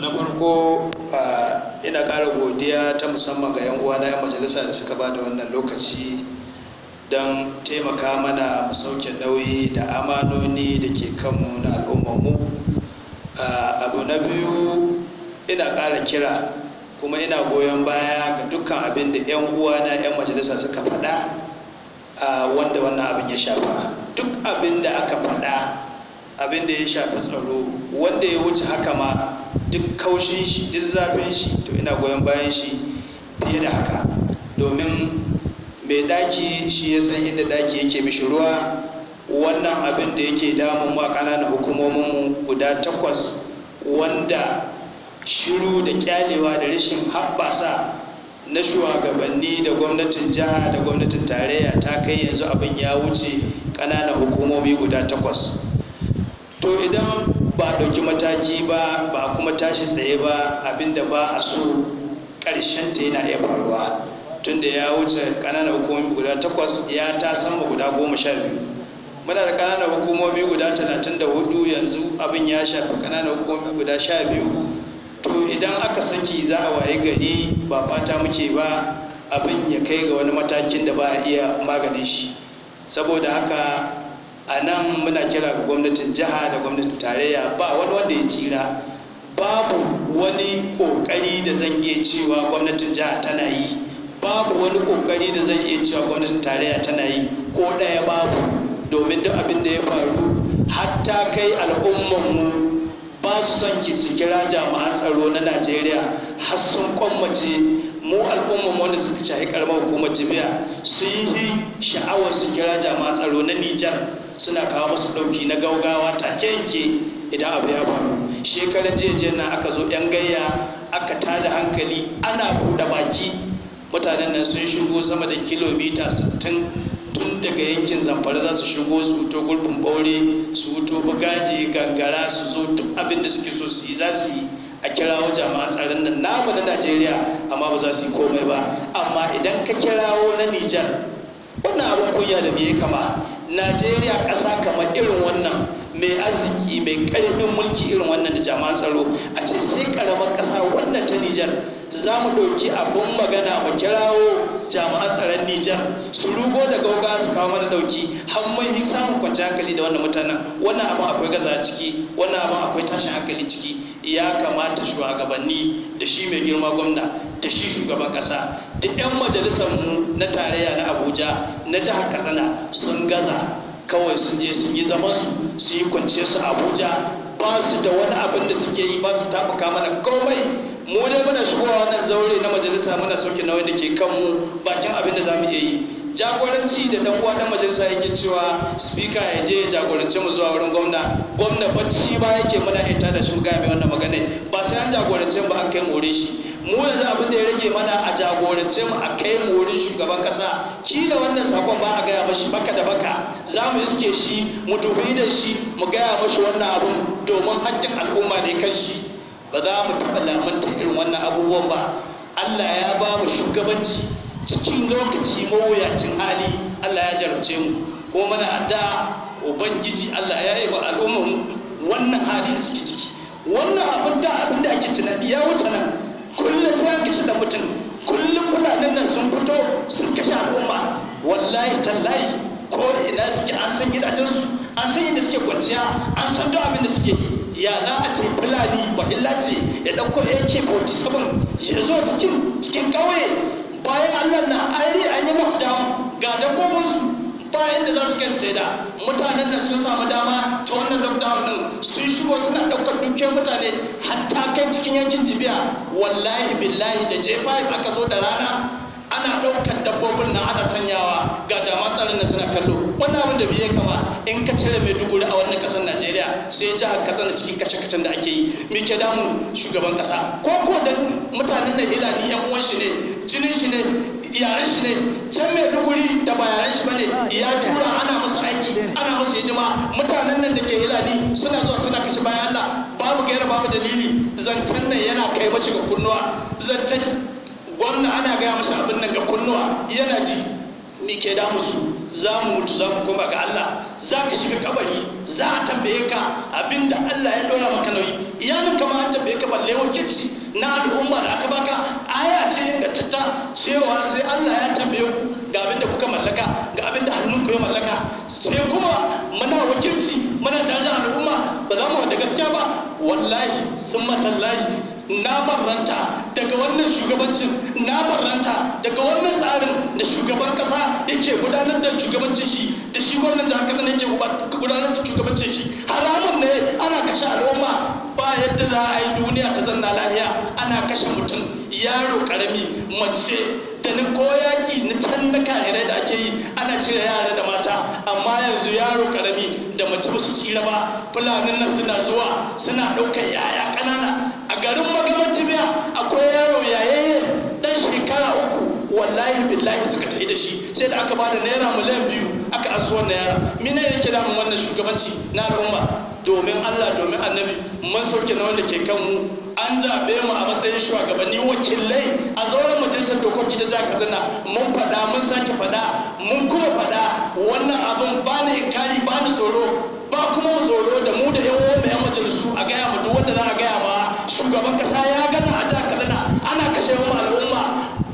na farko ina ƙara godiya ta musamman ga 'yan uwa na 'yan majalisa da suka ba da wannan lokaci don taimaka mana mu nauyi da amanoni da ke kanmu na al'ummarmu abu na biyu ina ƙara kira kuma ina goyon baya ga dukkan abin da 'yan uwa na 'yan majalisa suka faɗa wanda wannan abin ya shafa duk abin da aka faɗa abin da ya shafi tsaro wanda ya wuce haka ma duk kaushin shi duk zafin shi to ina goyon bayan shi fiye da haka domin mai ɗaki shi ya san inda ɗaki yake mishi ruwa wannan abin da yake damun mu a ƙananan hukumomin guda takwas wanda shiru da kyalewa da rashin haɓasa na shugabanni da gwamnatin jiha da gwamnatin tarayya ta kai yanzu abin ya wuce ƙananan hukumomi guda takwas to idan ba a ɗauki mataki ba ba kuma tashi tsaye ba abinda ba a so ƙarshen ta yana iya faruwa tunda ya wuce ƙananan hukumomi guda takwas ya ta sama guda goma sha biyu muna da ƙananan hukumomi guda talatin da hudu yanzu abin ya shafi ƙananan hukumomi guda sha biyu to idan aka saki za a waye gari ba fata muke ba abin ya kai ga wani matakin da ba a iya maganin shi saboda haka a nan muna kira ga gwamnatin jiha da gwamnatin tarayya ba wani wanda ya jira babu wani kokari da zan iya cewa gwamnatin jiha tana yi babu wani kokari da zan iya cewa gwamnatin tarayya tana yi ko ɗaya babu domin duk abin da ya faru hatta kai al'ummanmu ba su son ki su kira jami'an tsaro na najeriya har sun kwammace mu al'ummar wanda suka shahi karamar hukumar jami'a sun yi sha'awar su kira jami'an tsaro na nijar suna kawo musu ɗauki na gaugawa take yanke idan abu ya faru Shekarar jiya nan aka zo yan gayya aka tada hankali ana buɗe baki mutanen nan sun shigo sama da kilomita 60 tun daga yankin zamfara za su shigo su wuto gulbin ɓaure su wuto bugaje gangara su zo duk abin da suke so su yi za su yi a kirawo jama'a tsarin nan namu na najeriya amma ba za su yi komai ba amma idan ka kirawo na nijar wannan abin kunya da bai kama najeriya ƙasa kamar irin wannan mai arziki mai ƙarfin mulki irin wannan da jama'an tsaro a ce sai karamar ƙasa wannan ta nijar za mu ɗauki abin magana mu kirawo jami'an tsaron nijar su rugo da gauga su kawo mana ɗauki har mun yi samun kwanci hankali da wannan mutanen wannan abin akwai gaza ciki wannan abin akwai tashin hankali ciki ya kamata shugabanni da shi mai girma gwamna da shi shugaban ƙasa duk 'yan majalisar mu na tarayya na abuja na jihar katsina sun gaza kawai sun je sun yi zaman su su yi kwance su abuja ba su da wani abin da suke yi ba su tabuka mana komai mu dai muna shigowa wannan zaure na majalisa muna sauke nauyin da ke kanmu bakin abin da za mu iya yi jagoranci da dan uwa dan majalisa yake cewa spika ya je jagoranci jagorance mu zuwa wurin gwamna gwamna bacci ba yake muna ita da shugaba mai wannan magana ba sai an jagorance ba an kai more shi mu yanzu abin da ya rage mana a jagorance mu a kai mu wurin shugaban kasa kila wannan sakon ba a gaya mashi baka da baka za mu iske shi mu dubi da shi mu gaya mashi wannan abun domin hakkin al'umma ne kan shi ba za mu taɓa lamanta irin wannan abubuwan ba Allah ya ba mu shugabanci cikin lokaci mawuyacin hali Allah ya jarumce mu ko mana da ubangiji Allah ya yi wa al'ummar wannan hali da suke ciki wannan abin da abin da ake tunani ya wuce nan kullum sai an kashe da mutum kullum kudaden nan sun fito sun kashe al'umma wallahi tallahi ko ina suke an san su an san inda suke kwanciya an san duk abin da suke yi ya za a ce fulani ba illa ce ya ɗauko ak-47 ya zo cikin cikin ƙauye bayan allah na ari an yi lockdown ga su bayan da za su kai saida mutanen da sun samu dama ta wannan sun shigo suna ɗaukar dukiyar mutane hatta kai cikin yankin jibiya wallahi billahi da jefayin aka zo da rana ana ɗaukar dabbobin nan ana sanyawa ga jama'a tsarin na suna kallo wani abin da biye kama in ka cire mai duguri a wannan ƙasar najeriya sai jihar katsina cikin kace-kacen da ake yi me ke damu shugaban kasa. ko ko dan mutanen na hilali yan uwan shi ne jinin shi ne yaren shi ne can mai duguri da ba yaren shi bane ya tura hidima mutanen nan da ke hiladi suna zuwa suna kashe bayan Allah babu gaira babu dalili zancen nan yana kai mashi ga kunnuwa zancen gwamna ana gaya masa abin nan ga kunnuwa yana ji ni ke damu su za mu mutu za mu koma ga Allah za ka shiga kabari za a tambaye ka abinda Allah ya dora maka nauyi iyalin kama an tambaye ka balle wakilci na al'umma da aka baka aya ce ingantatta cewa sai Allah ya tambaye ku ga abinda kuka mallaka ga abinda hannunku ya mallaka sai kuma muna wakilci muna tare da al'umma ba za mu da gaskiya ba wallahi sun matallahi na barranta daga wannan shugabancin na barranta daga wannan tsarin da shugaban kasa yake gudanar da shugabancin shi da shi gwamnan jihar kaduna yake gudanar da shugabancin shi haramun ne ana kashe al'umma ba yadda za a yi duniya ta zanna lahiya ana kashe mutum yaro karami mace da ni ko yaƙi na can na kahirai da ake yi ana cire yara da mata amma yanzu yaro karami da mace ba su cire ba fulanin nan suna zuwa suna ɗaukar yaya ƙanana a garin makamanci biya akwai yaro yayayye ɗan shekara uku wallahi billahi suka tafi da shi sai da aka bada naira miliyan biyu aka asu wannan yara mina yake mun wannan shugabanci na al'umma domin allah domin annabi mun sauke na wanda ke kanmu. an zaɓe mu a matsayin shugabanni wakilai a zauren majalisar dokoki ta jihar kaduna mun faɗa mun sake faɗa mun kuma faɗa wannan abin ba ni inkari ba ni tsoro ba kuma mu tsoro da mu da yan uwan yan majalisu a gaya mu duk wanda za a gaya ma shugaban kasa ya gana a jihar kaduna ana kashe mu al'umma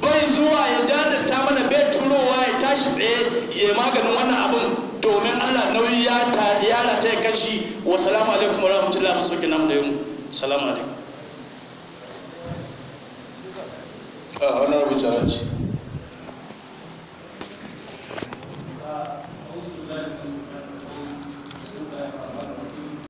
bai zuwa ya jajanta mana bai turowa ya tashi tsaye ya maganin wannan abin domin Allah nauyi ya ta ya wa salamu alaikum wa rahmatullahi wa barakatuh salamu alaikum Uh, Honorable Challenge.